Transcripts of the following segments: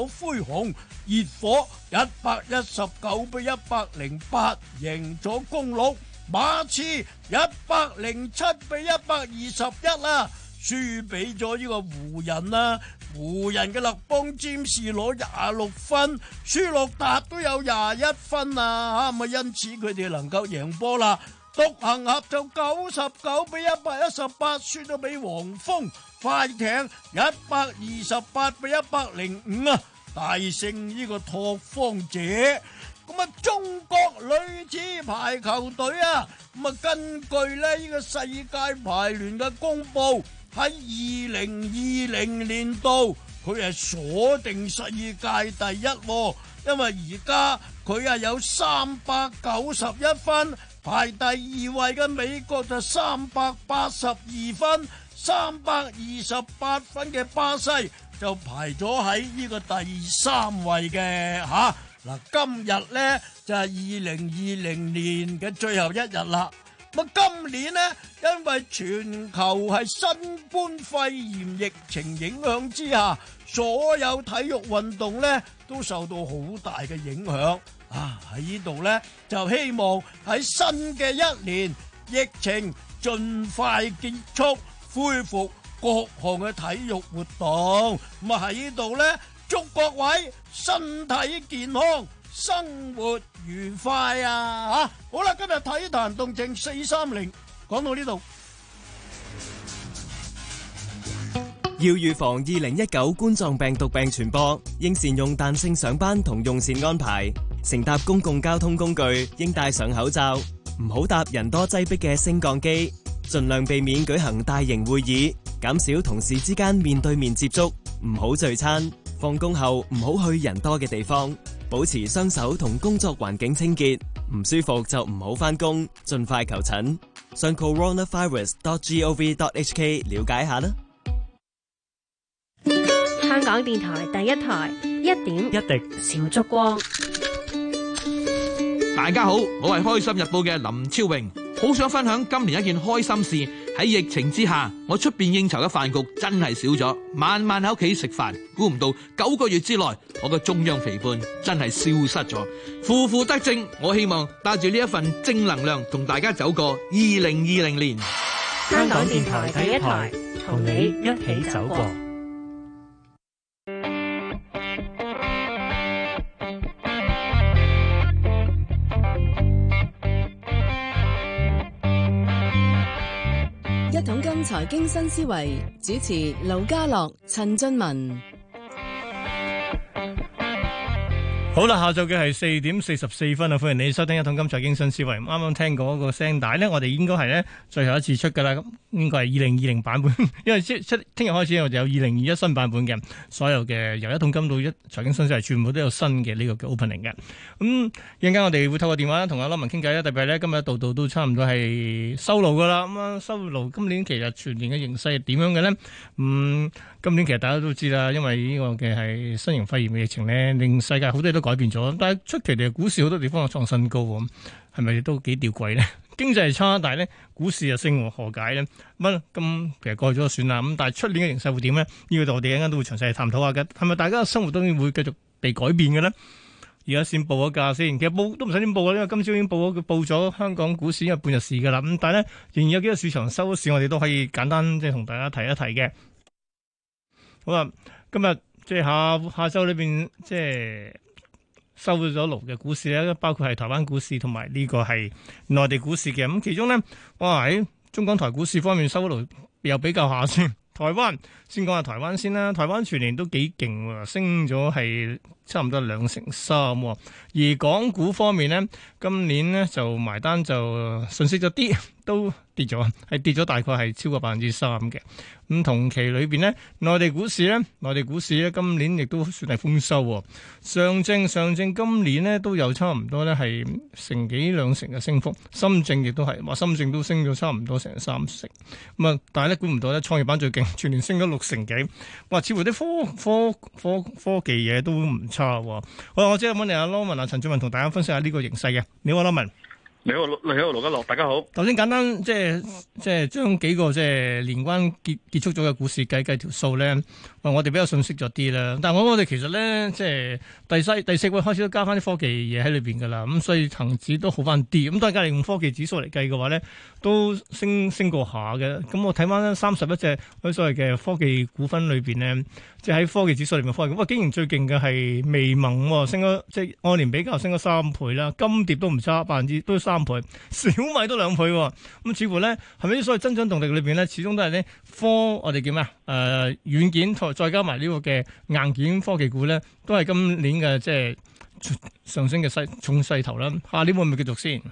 好灰熊熱火一百一十九比一百零八贏咗公鹿，馬刺一百零七比一百二十一啦，輸俾咗呢個湖人啦。湖人啊，湖人嘅勒邦詹士攞廿六分，舒洛達都有廿一分啊，咁啊因此佢哋能夠贏波啦。獨行俠就九十九比一百一十八輸咗俾黃蜂，快艇一百二十八比一百零五啊。大勝呢個拓荒者，咁啊，中國女子排球隊啊，咁啊，根據咧呢個世界排聯嘅公布，喺二零二零年度佢係鎖定世界第一位，啊，因為而家佢係有三百九十一分，排第二位嘅美國就三百八十二分，三百二十八分嘅巴西。就排咗喺呢個第三位嘅吓，嗱、啊、今日呢就係二零二零年嘅最後一日啦。咁、啊、今年呢，因為全球係新冠肺炎疫情影響之下，所有體育運動呢都受到好大嘅影響啊！喺呢度呢，就希望喺新嘅一年，疫情盡快結束，恢復。各項嘅體育活動，咁啊喺呢度呢，祝各位身體健康，生活愉快啊！吓好啦，今日體壇動靜四三零講到呢度。要預防二零一九冠狀病毒病傳播，應善用彈性上班同用膳安排。乘搭公共交通工具應戴上口罩，唔好搭人多擠迫嘅升降機，盡量避免舉行大型會議。減少同事之間面對面接觸，唔好聚餐，放工後唔好去人多嘅地方，保持雙手同工作環境清潔。唔舒服就唔好翻工，盡快求診。上 coronavirus.gov.hk 了解下啦。香港電台第一台一點一滴小燭光，大家好，我係開心日報嘅林超榮。好想分享今年一件開心事。喺疫情之下，我出邊應酬嘅飯局真係少咗，晚晚喺屋企食飯。估唔到九個月之內，我嘅中央肥胖真係消失咗，負負得正。我希望帶住呢一份正能量同大家走過二零二零年。香港電台第一台同你一起走過。財經新思維，主持劉家樂、陳俊文。好啦，下晝嘅係四點四十四分啊！歡迎你收聽《一桶金財經新思維》。啱啱聽過嗰個聲帶呢，我哋應該係呢最後一次出噶啦。咁應該係二零二零版本，因為即係出聽日開始我哋有二零二一新版本嘅所有嘅由一桶金到一財經新思維，全部都有新嘅呢個嘅 opening 嘅。咁一陣間我哋會透過電話咧同阿羅文傾偈啦。特別呢今日度度都差唔多係收樓噶啦。咁啊收樓，今年其實全年嘅形勢係點樣嘅呢？嗯，今年其實大家都知啦，因為呢個嘅係新型肺炎嘅疫情呢，令世界好多都。改變咗，但係出奇地，股市好多地方創新高，係咪都幾吊詭呢？ 經濟係差，但係咧股市又升，何解呢？乜、嗯、咁、嗯？其實過咗就算啦。咁、嗯、但係出年嘅形勢會點呢？呢個就我哋一陣間都會詳細探討下嘅。係咪大家嘅生活都會繼續被改變嘅呢？而家先報咗價先。其實報都唔使點報，因為今朝已經報咗，報咗香港股市因為半日市噶啦。咁、嗯、但係呢，仍然有幾個市場收市，我哋都可以簡單即係同大家提一提嘅。好啊，今日即係下下周裏邊即係。收咗爐嘅股市咧，包括係台灣股市同埋呢個係內地股市嘅。咁其中咧，我喺中港台股市方面收爐又比較下先。台灣先，講下台灣先啦，台灣全年都幾勁喎，升咗係差唔多兩成三。而港股方面咧，今年咧就埋單就遜色咗啲。都跌咗，係跌咗大概係超過百分之三嘅。咁、嗯、同期裏邊呢，內地股市呢，內地股市咧今年亦都算係豐收、哦。上證上證今年呢都有差唔多呢係成幾兩成嘅升幅，深證亦都係，哇，深證都升咗差唔多成三成。咁、嗯、啊，但係呢，估唔到呢，創業板最勁，全年升咗六成幾。哇，似乎啲科科科科技嘢都唔差、哦。好，我接下問你阿 Lawman 啊，陳俊文同大家分享下呢個形勢嘅。你好，Lawman。你好，你好，羅家樂，大家好。頭先簡單即係即係將幾個即係年關結結束咗嘅股市計計條數咧，我我哋比較熟悉咗啲啦。但係我我哋其實咧即係第三、第四季開始都加翻啲科技嘢喺裏邊噶啦，咁所以恒指都好翻啲。咁但係假如用科技指數嚟計嘅話咧，都升升過下嘅。咁我睇翻三十一隻所謂嘅科技股份裏邊咧。即係喺科技指數裏面，科技，喂，竟然最勁嘅係微盟、哦，升咗即係按年比較升咗三倍啦，金蝶都唔差，百分之都三倍，小米都兩倍、哦，咁、嗯、似乎咧係咪啲所謂增長動力裏邊咧，始終都係咧科我哋叫咩啊？誒、呃，軟件再加埋呢個嘅硬件科技股咧，都係今年嘅即係上升嘅勢重勢頭啦。下年會唔會繼續先。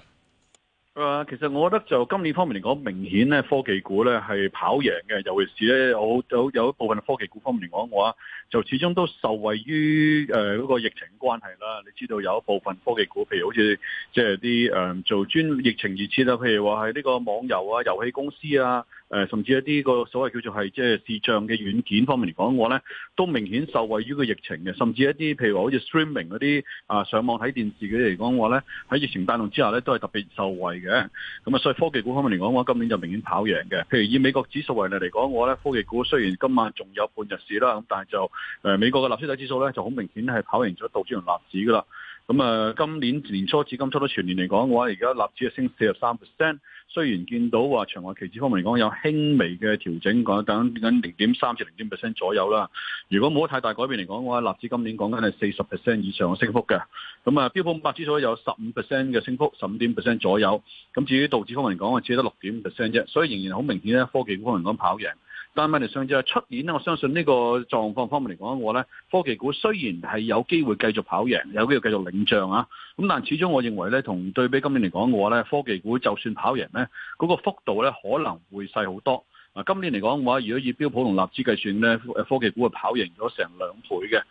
其實我覺得就今年方面嚟講，明顯咧科技股咧係跑贏嘅。尤其是咧有有有一部分科技股方面嚟講嘅話，就始終都受惠於誒嗰個疫情關係啦。你知道有一部分科技股，譬如好似即係啲誒做專疫情熱切啦，譬如話喺呢個網遊啊、遊戲公司啊。誒，甚至一啲個所謂叫做係即係視像嘅軟件方面嚟講，嘅話咧都明顯受惠於個疫情嘅。甚至一啲譬如話好似 streaming 嗰啲啊，上網睇電視嗰啲嚟講，嘅話咧喺疫情帶動之下咧，都係特別受惠嘅。咁啊，所以科技股方面嚟講，嘅話今年就明顯跑贏嘅。譬如以美國指數為例嚟講，嘅話咧科技股雖然今晚仲有半日市啦，咁但係就誒、呃、美國嘅納斯達指數咧就好明顯係跑贏咗道指同立指噶啦。咁誒，今年年初至今初都全年嚟講嘅話，而家納指係升四十三 percent，雖然見到話場外期指方面嚟講有輕微嘅調整等，講緊變緊零點三至零點 percent 左右啦。如果冇太大改變嚟講嘅話，納指今年講緊係四十 percent 以上嘅升幅嘅。咁啊，標普五百指數有十五 percent 嘅升幅，十五點 percent 左右。咁至於道指方面嚟講，我只，只得六點 percent 啫。所以仍然好明顯咧，科技股可能講跑贏。單問題上，就係出年咧。我相信呢個狀況方面嚟講，嘅話咧科技股雖然係有機會繼續跑贏，有機會繼續領漲啊。咁但係始終，我認為咧，同對比今年嚟講嘅話咧，科技股就算跑贏咧，嗰、嗰個幅度咧可能會細好多。啊，今年嚟講嘅話，如果以標普同納指計算咧，誒科技股係跑贏咗成兩倍嘅。誒、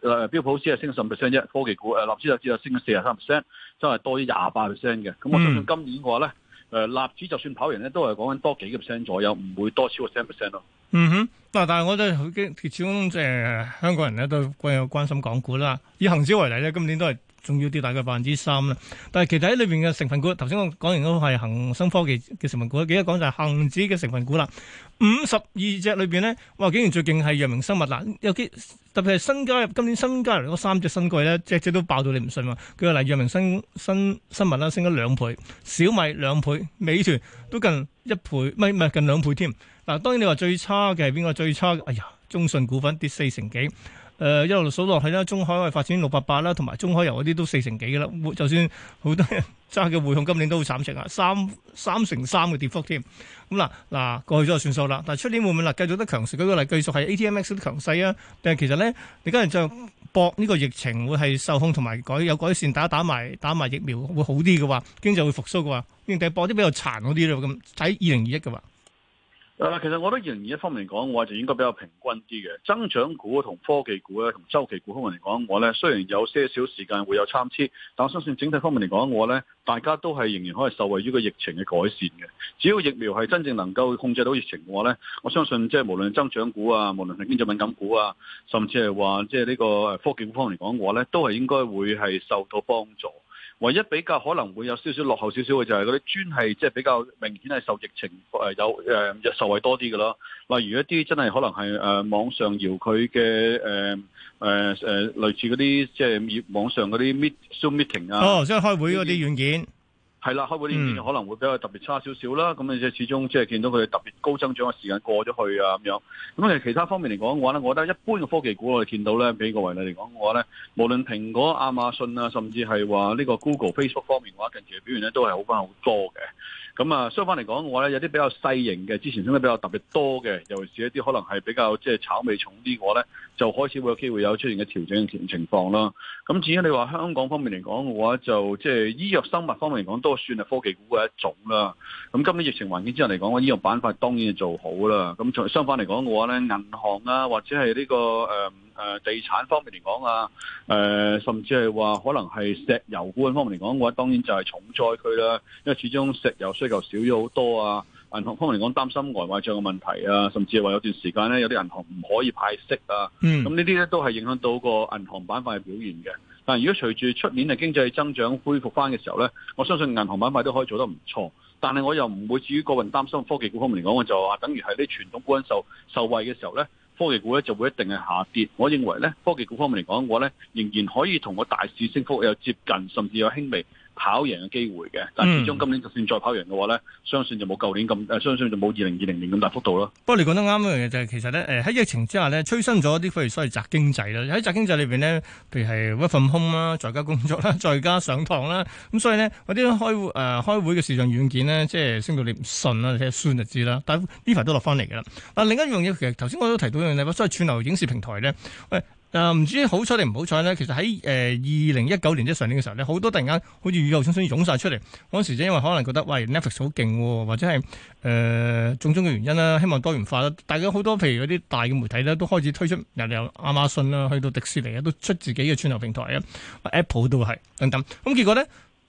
呃、誒，標普只係升十五 percent 啫，科技股誒納指就只有升咗四十三 percent，真係多咗廿八 percent 嘅。咁我相信今年嘅話咧。嗯誒，納、呃、指就算跑完，咧，都係講緊多幾個 percent 左右，唔會多超過三 percent 咯。啊、嗯哼，嗱、啊，但係我都已經，始終即係香港人咧都關有關心港股啦。以恒指為例咧，今年都係。仲要跌大概百分之三啦，但係其實喺裏邊嘅成分股，頭先我講完都係恒生科技嘅成分股，記得講就係恒指嘅成分股啦。五十二隻裏邊呢，哇竟然最勁係藥明生物嗱，尤其特別係新加入今年新加入嗰三隻新貴咧，隻隻都爆到你唔信嘛。佢話嚟藥明生新生，生物啦，升咗兩倍，小米兩倍，美團都近一倍，唔係唔係近兩倍添。嗱，當然你話最差嘅係邊個？最差嘅，哎呀！中信股份跌四成幾，誒、呃、一路數落去啦，中海外發展六八八啦，同埋中海油嗰啲都四成幾嘅啦。就算好多人揸嘅匯控今年都好慘情啊，三三成三嘅跌幅添。咁嗱嗱過去咗就算數啦。但係出年會唔會嗱繼續得強勢？舉個例，繼續係 ATMX 都強勢啊。但係其實咧，你而家係再搏呢個疫情會係受控同埋改有改善，打打埋打埋疫苗會好啲嘅話，經濟會復甦嘅話，應該搏啲比較殘嗰啲咯。咁睇二零二一嘅話。但係，其實我覺得仍然一方面嚟講嘅話就應該比較平均啲嘅。增長股同科技股咧，同周期股方面嚟講嘅話咧，雖然有些少時間會有參差，但我相信整體方面嚟講嘅話咧，大家都係仍然可以受惠於個疫情嘅改善嘅。只要疫苗係真正能夠控制到疫情嘅話咧，我相信即係無論增長股啊，無論係經濟敏感股啊，甚至係話即係呢個科技股方面嚟講嘅話咧，都係應該會係受到幫助。唯一比較可能會有少少落後少少嘅就係嗰啲專係即係比較明顯係受疫情誒有誒、呃、受惠多啲嘅咯，例如一啲真係可能係誒、呃、網上遙距嘅誒誒誒類似嗰啲即係網上嗰啲 meet Zoom meeting 啊哦，即係開會嗰啲軟件。係啦，開盤啲嘢可能會比較特別差少少啦。咁你即係始終即係見到佢特別高增長嘅時間過咗去啊，咁樣。咁其實，其他方面嚟講嘅話咧，我覺得一般嘅科技股我哋見到咧，俾個為例嚟講嘅話咧，無論蘋果、亞馬遜啊，甚至係話呢個 Google、Facebook 方面嘅話，近期嘅表現咧都係好翻好多嘅。咁啊，相反嚟講嘅話咧，有啲比較細型嘅，之前升得比較特別多嘅，尤其是一啲可能係比較即係炒味重啲嘅話咧。就開始會有機會有出現嘅調整情情況啦。咁至於你話香港方面嚟講嘅話，就即係醫藥生物方面嚟講，都算係科技股嘅一種啦。咁今年疫情環境之下嚟講，嘅醫藥板塊當然係做好啦。咁相反嚟講嘅話咧，銀行啊，或者係呢、這個誒誒、呃、地產方面嚟講啊，誒、呃、甚至係話可能係石油股嘅方面嚟講嘅話，當然就係重災區啦。因為始終石油需求少咗好多啊。銀行方面嚟講，擔心外匯賬嘅問題啊，甚至係話有段時間咧，有啲銀行唔可以派息啊。嗯。咁呢啲咧都係影響到個銀行板塊嘅表現嘅。但係如果隨住出年嘅經濟增長恢復翻嘅時候咧，我相信銀行板塊都可以做得唔錯。但係我又唔會至於過分擔心，科技股方面嚟講，我就話等於係啲傳統股受受惠嘅時候咧，科技股咧就會一定係下跌。我認為咧，科技股方面嚟講，我咧仍然可以同個大市升幅有接近，甚至有輕微。跑贏嘅機會嘅，但係始終今年就算再跑贏嘅話咧、嗯呃，相信就冇舊年咁，誒，相信就冇二零二零年咁大幅度咯。不過你講得啱一樣嘢就係其實咧，誒、呃、喺疫情之下咧，催生咗一啲譬如所謂宅經濟啦，喺宅經濟裏邊呢，譬如係 work from home 啦，在家工作啦，在家上堂啦，咁所以呢，嗰啲開誒開會嘅、呃、視像軟件呢，即係升到你唔信啦，即你一算就知啦。但係呢排都落翻嚟嘅啦。但另一樣嘢其實頭先我都提到一樣嘢，即係串流影視平台咧，誒。誒，唔知好彩定唔好彩呢？其實喺誒二零一九年即上年嘅時候呢，好多突然間好似雨後春筍湧晒出嚟。嗰時即因為可能覺得喂 Netflix 好勁，或者係誒種種嘅原因啦，希望多元化啦。大家好多譬如嗰啲大嘅媒體呢，都開始推出由亞馬遜啦，去到迪士尼啊，都出自己嘅串流平台啊。Apple 都係等等。咁結果呢，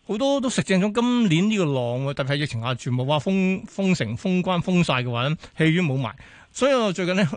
好多都食正咗今年呢個浪。特別係疫情下，全部話封封城、封關、封晒嘅話呢，戲院冇埋。所以我最近呢，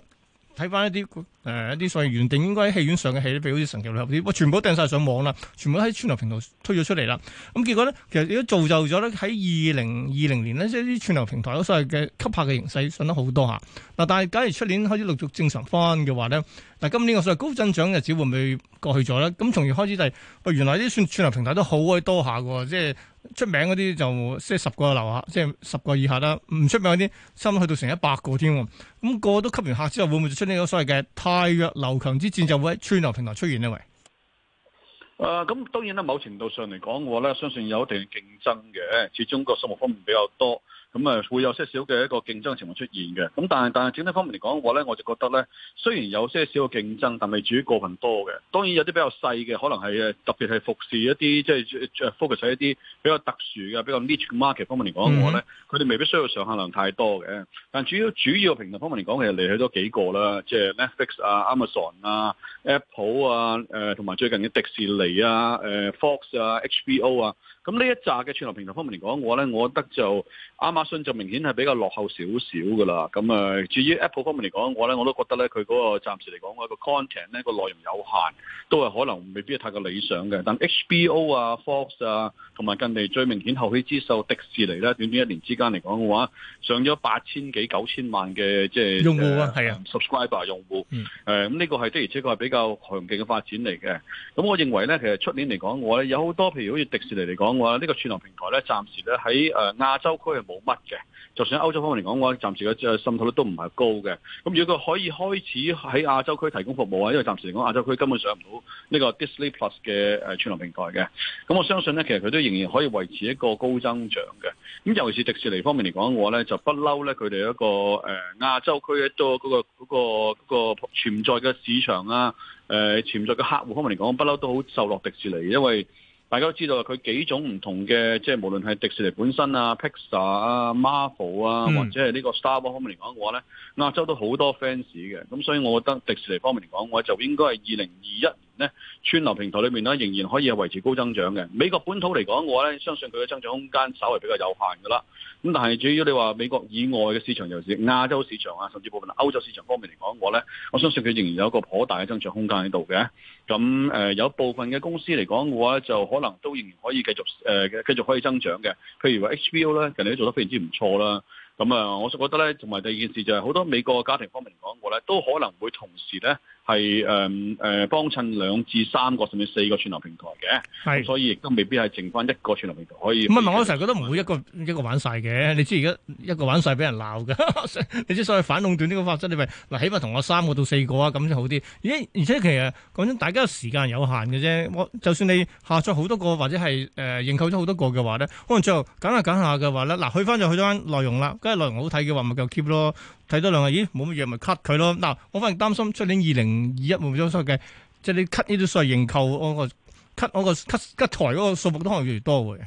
睇翻一啲誒、呃、一啲所謂原定應該喺戲院上嘅戲咧，譬如好似《神奇女俠》啲，哇，全部都掟曬上網啦，全部喺串流平台推咗出嚟啦。咁、嗯、結果咧，其實亦都造就咗咧，喺二零二零年呢，即係啲串流平台嗰所謂嘅吸客嘅形勢，上得好多嚇。嗱，但係假如出年開始陸續正常翻嘅話咧。今年個所謂高增長日子會唔會過去咗咧？咁從而開始就，原來啲串串流平台都好鬼多下嘅，即係出名嗰啲就即係十個樓下，即係十個以下啦。唔出名嗰啲，差唔多去到成一百個添。咁、那個個都吸完客之後，會唔會就出呢個所謂嘅太弱流強之戰，就會喺串流平台出現呢？喂、啊，誒，咁當然啦，某程度上嚟講，我咧相信有一定競爭嘅，始終個數目方面比較多。咁啊、嗯，會有些少嘅一個競爭嘅情況出現嘅。咁但係但係整體方面嚟講嘅話咧，我就覺得咧，雖然有些少嘅競爭，但係未至於過份多嘅。當然有啲比較細嘅，可能係誒特別係服侍一啲即係 focus 喺一啲比較特殊嘅比較 niche market 方面嚟講嘅話咧，佢哋未必需要上限量太多嘅。但主要主要平台方面嚟講，其實嚟去多幾個啦，即係 Netflix 啊、Amazon 啊、Apple 啊、誒同埋最近嘅迪士尼啊、誒、呃、Fox 啊、HBO 啊。咁呢一紮嘅串流平台方面嚟講，我咧，我覺得就亞馬遜就明顯係比較落後少少噶啦。咁、嗯、啊，至於 Apple 方面嚟講，我咧，我都覺得咧，佢嗰、那個暫時嚟講，一個 content 咧，個內容有限，都係可能未必係太過理想嘅。但 HBO 啊、Fox 啊，同埋近期最明顯後起之秀迪士尼咧，短短一年之間嚟講嘅話，上咗八千幾九千萬嘅即係用戶啊，係啊，subscriber 用戶。誒、嗯，咁呢個係的而且確係比較強勁嘅發展嚟嘅。咁、嗯、我認為咧，其實出年嚟講，我咧有好多譬如好似迪士尼嚟講。我呢個串流平台咧，暫時咧喺誒亞洲區係冇乜嘅。就算喺歐洲方面嚟講嘅話，暫時嘅滲透率都唔係高嘅。咁如果佢可以開始喺亞洲區提供服務啊，因為暫時嚟講亞洲區根本上唔到呢個 Disney Plus 嘅誒串流平台嘅。咁我相信咧，其實佢都仍然可以維持一個高增長嘅。咁尤其是迪士尼方面嚟講嘅話咧，就不嬲咧佢哋一個誒呃亞洲區多嗰個嗰個嗰個潛在嘅市場啊，誒、呃、潛在嘅客戶方面嚟講，不嬲都好受落迪士尼，因為。大家都知道佢幾種唔同嘅，即係無論係迪士尼本身啊、Pixar 啊、Marvel 啊，或者係呢個 Star Wars 方面嚟講嘅話咧，亞洲都好多 fans 嘅，咁所以我覺得迪士尼方面嚟講，我就應該係二零二一年。咧，串流平台裏面咧，仍然可以係維持高增長嘅。美國本土嚟講我呢，我咧相信佢嘅增長空間稍為比較有限噶啦。咁但係至於你話美國以外嘅市場，尤其是亞洲市場啊，甚至部分歐洲市場方面嚟講，我咧，我相信佢仍然有一個頗大嘅增長空間喺度嘅。咁誒、呃，有部分嘅公司嚟講嘅話，就可能都仍然可以繼續誒、呃、繼續可以增長嘅。譬如話 HBO 呢，其實都做得非常之唔錯啦。咁啊，我覺得呢，同埋第二件事就係、是、好多美國家庭方面嚟講我呢，我咧都可能會同時呢。係誒誒，幫襯兩至三個甚至四個串流平台嘅，係是，所以亦都未必係剩翻一個串流平台可以。唔係，我成日覺得唔會一個一個玩晒嘅。你知而家一個玩晒俾人鬧嘅， 你之所以反壟斷呢個法則，你咪嗱，起碼同我三個到四個啊，咁先好啲。咦，而且其實講真，大家時間有限嘅啫。我就算你下載好多個或者係誒、呃、認購咗好多個嘅話咧，可能最後揀下揀下嘅話，話繼續繼續咧，嗱去翻就去翻內容啦。梗係內容好睇嘅話咪夠 keep 咯，睇多兩日咦冇乜嘢咪 cut 佢咯。嗱，我反而擔心出年二零。以一毫唔少稅嘅，即係你 cut 呢啲數，認購嗰個 cut 嗰、那個 cut 台嗰個數目都可能越多嘅。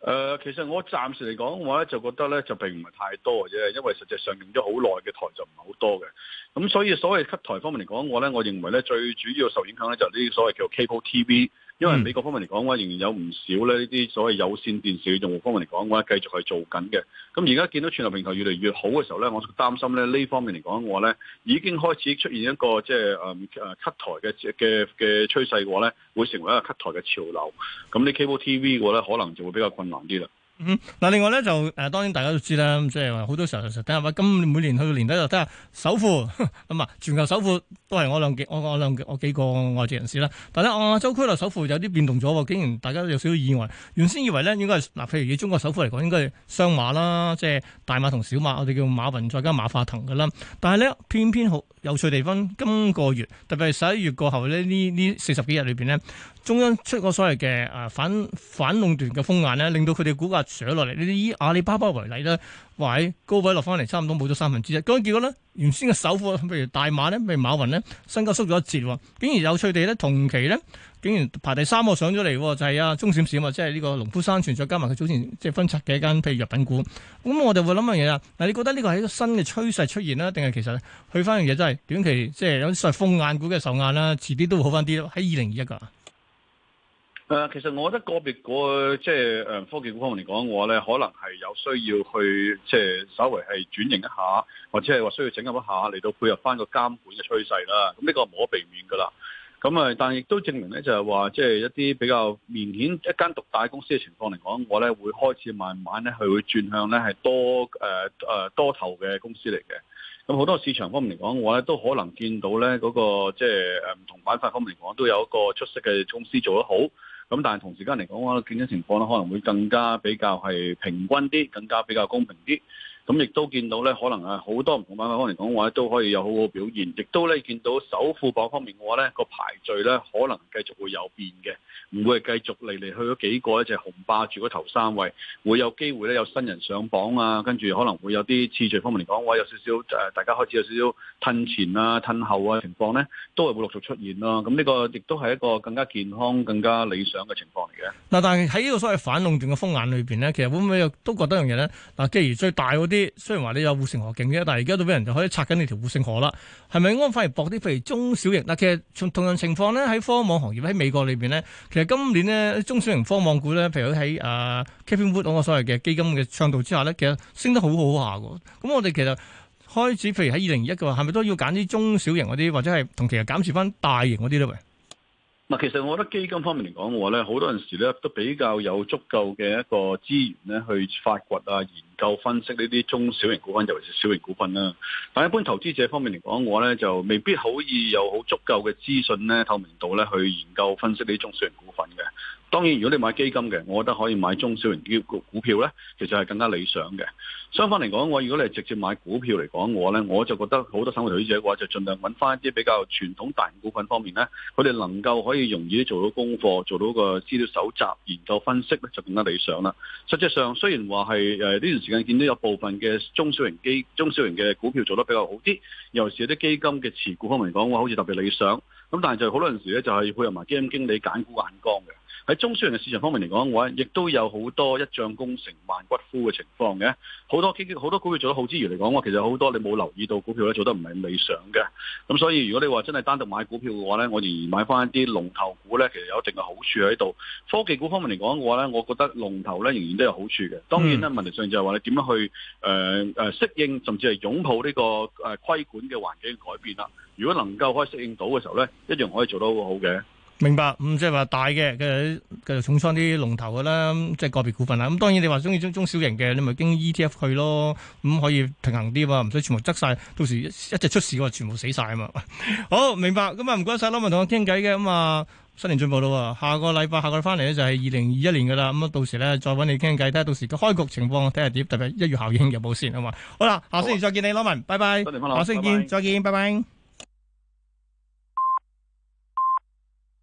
誒、呃，其實我暫時嚟講，我咧就覺得咧就並唔係太多嘅，啫，因為實際上用咗好耐嘅台就唔係好多嘅。咁所以所謂 cut 台方面嚟講，我咧我認為咧最主要受影響咧就係呢啲所謂叫 k p o TV。嗯、因為美國方面嚟講嘅話，仍然有唔少咧呢啲所謂有線電視嘅用戶方面嚟講嘅話，繼續係做緊嘅。咁而家見到串流平台越嚟越好嘅時候咧，我擔心咧呢方面嚟講嘅話咧，已經開始出現一個即係誒誒 cut 台嘅嘅嘅趨勢嘅話咧，會成為一個 cut 台嘅潮流。咁你 cable TV 嘅話咧，可能就會比較困難啲啦。嗯，嗱，另外咧就，誒、呃，當然大家都知啦，即係話好多時候實等下，咁每年去到年底就睇下首富，咁啊，全球首富都係我兩幾，我我兩我，我幾個外籍人士啦。但係亞洲區度首富有啲變動咗喎，竟然大家都有少少意外。原先以為呢應該係，嗱，譬如以中國首富嚟講，應該係雙馬啦，即係大馬同小馬，我哋叫馬雲再加馬化騰㗎啦。但係呢，偏偏好有趣地方，今個月特別係十一月過後咧，呢呢四十幾日裏邊呢，中央出個所謂嘅誒、呃、反反壟斷嘅風眼呢，令到佢哋估價。上落嚟，呢啲以阿里巴巴為例啦，話、哎、喺高位落翻嚟，差唔多冇咗三分之一。咁結果呢，原先嘅首富譬如大馬咧，譬如馬雲呢，身家縮咗一截喎。竟然有趣地咧，同期呢，竟然排第三個上咗嚟，就係、是、啊中閃閃啊，即係呢個農夫山泉，再加埋佢早前即係分拆嘅一間譬如藥品股。咁我哋會諗樣嘢啦，嗱，你覺得呢個係一個新嘅趨勢出現啦，定係其實去翻樣嘢真係短期即係有啲所謂風眼股嘅受眼啦、啊，遲啲都會好翻啲咯。喺二零二一㗎。誒、呃，其實我覺得個別個即係誒科技股方面嚟講嘅話咧，可能係有需要去即係、呃、稍為係轉型一下，或者係話需要整合一下嚟到配合翻個監管嘅趨勢啦。咁、啊、呢、這個冇可避免噶啦。咁啊，但係亦都證明咧，就係話即係一啲比較明顯一間獨大公司嘅情況嚟講，我咧會開始慢慢咧係會轉向咧係多誒誒、呃、多頭嘅公司嚟嘅。咁、啊、好多市場方面嚟講嘅話咧，都可能見到咧嗰、那個即係誒唔同板塊方面嚟講，都有一個出色嘅公司做得好。咁但係同時間嚟講啊，競爭情況咧可能會更加比較係平均啲，更加比較公平啲。咁亦都見到咧，可能係好多唔同方面方嚟講話咧，都可以有好好表現。亦都咧見到首富榜方面嘅話咧，個排序咧可能繼續會有變嘅，唔會係繼續嚟嚟去去幾個一直雄霸住嗰頭三位，會有機會咧有新人上榜啊，跟住可能會有啲次序方面嚟講話有少少誒，大家開始有少少、呃、大家開始有少少褪前啊、褪後啊情況咧，都係會陸續出現咯。咁呢個亦都係一個更加健康、更加理想嘅情況嚟嘅。嗱，但係喺呢個所謂反壟斷嘅風眼裏邊咧，其實會唔會都覺得樣嘢咧？嗱，既然最大啲雖然話你有護城河勁啫，但係而家都俾人就可以拆緊你條護城河啦。係咪安反而薄啲？譬如中小型嗱、啊，其實同同樣情況咧，喺科網行業喺美國裏邊咧，其實今年呢，中小型科網股咧，譬如喺啊 Cathie Wood 個所謂嘅基金嘅倡導之下咧，其實升得好好下噶。咁、嗯、我哋其實開始譬如喺二零二一嘅話，係咪都要揀啲中小型嗰啲，或者係同其實減持翻大型嗰啲咧？嗱，其實我覺得基金方面嚟講嘅話咧，好多陣時咧都比較有足夠嘅一個資源咧，去發掘啊、研究分析呢啲中小型股份，尤其是小型股份啦。但一般投資者方面嚟講，我咧就未必可以有好足夠嘅資訊咧、透明度咧去研究分析呢啲中小型股份嘅。當然，如果你買基金嘅，我覺得可以買中小型股票呢其實係更加理想嘅。相反嚟講，我如果你係直接買股票嚟講，我呢我就覺得好多散戶投資者嘅話就盡量揾翻一啲比較傳統大型股份方面呢，佢哋能夠可以容易做到功課，做到個資料搜集、研究分析呢就更加理想啦。實際上雖然話係誒呢段時間見到有部分嘅中小型基、中小型嘅股票做得比較好啲。尤其是啲基金嘅持股方面嚟講，話好似特別理想。咁但係就好多陣時咧，就係配合埋基金經理揀股眼光嘅。喺中小型嘅市場方面嚟講，話亦都有好多一將功成萬骨枯嘅情況嘅。好多基金好多股票做得好之餘嚟講，話其實好多你冇留意到股票咧做得唔係咁理想嘅。咁所以如果你話真係單獨買股票嘅話咧，我仍然買翻一啲龍頭股咧，其實有一定嘅好處喺度。科技股方面嚟講嘅話咧，我覺得龍頭咧仍然都有好處嘅。當然咧，問題上就係話你點樣去誒誒、呃、適應，甚至係擁抱呢、呢個誒、呃、規管。嘅環境改變啦，如果能夠可以適應到嘅時候咧，一樣可以做到好嘅。明白，咁即係話大嘅，繼續繼續重倉啲龍頭嘅啦，即係個別股份啦。咁當然你話中意中中小型嘅，你咪經 ETF 去咯。咁、嗯、可以平衡啲喎，唔使全部執晒，到時一隻出事嘅話，全部死晒啊嘛。 好，明白。咁啊，唔該晒，老文同我傾偈嘅咁啊。新年進步咯，下個禮拜下個禮拜翻嚟，咧就係二零二一年噶啦，咁、嗯、啊到時咧，再揾你傾計，睇下到時個開局情況，睇下點，特別一月效應有冇先啊嘛，好啦，下星期再見你，羅文，bye bye 拜拜。多謝歡迎，下星期見，再見，拜拜。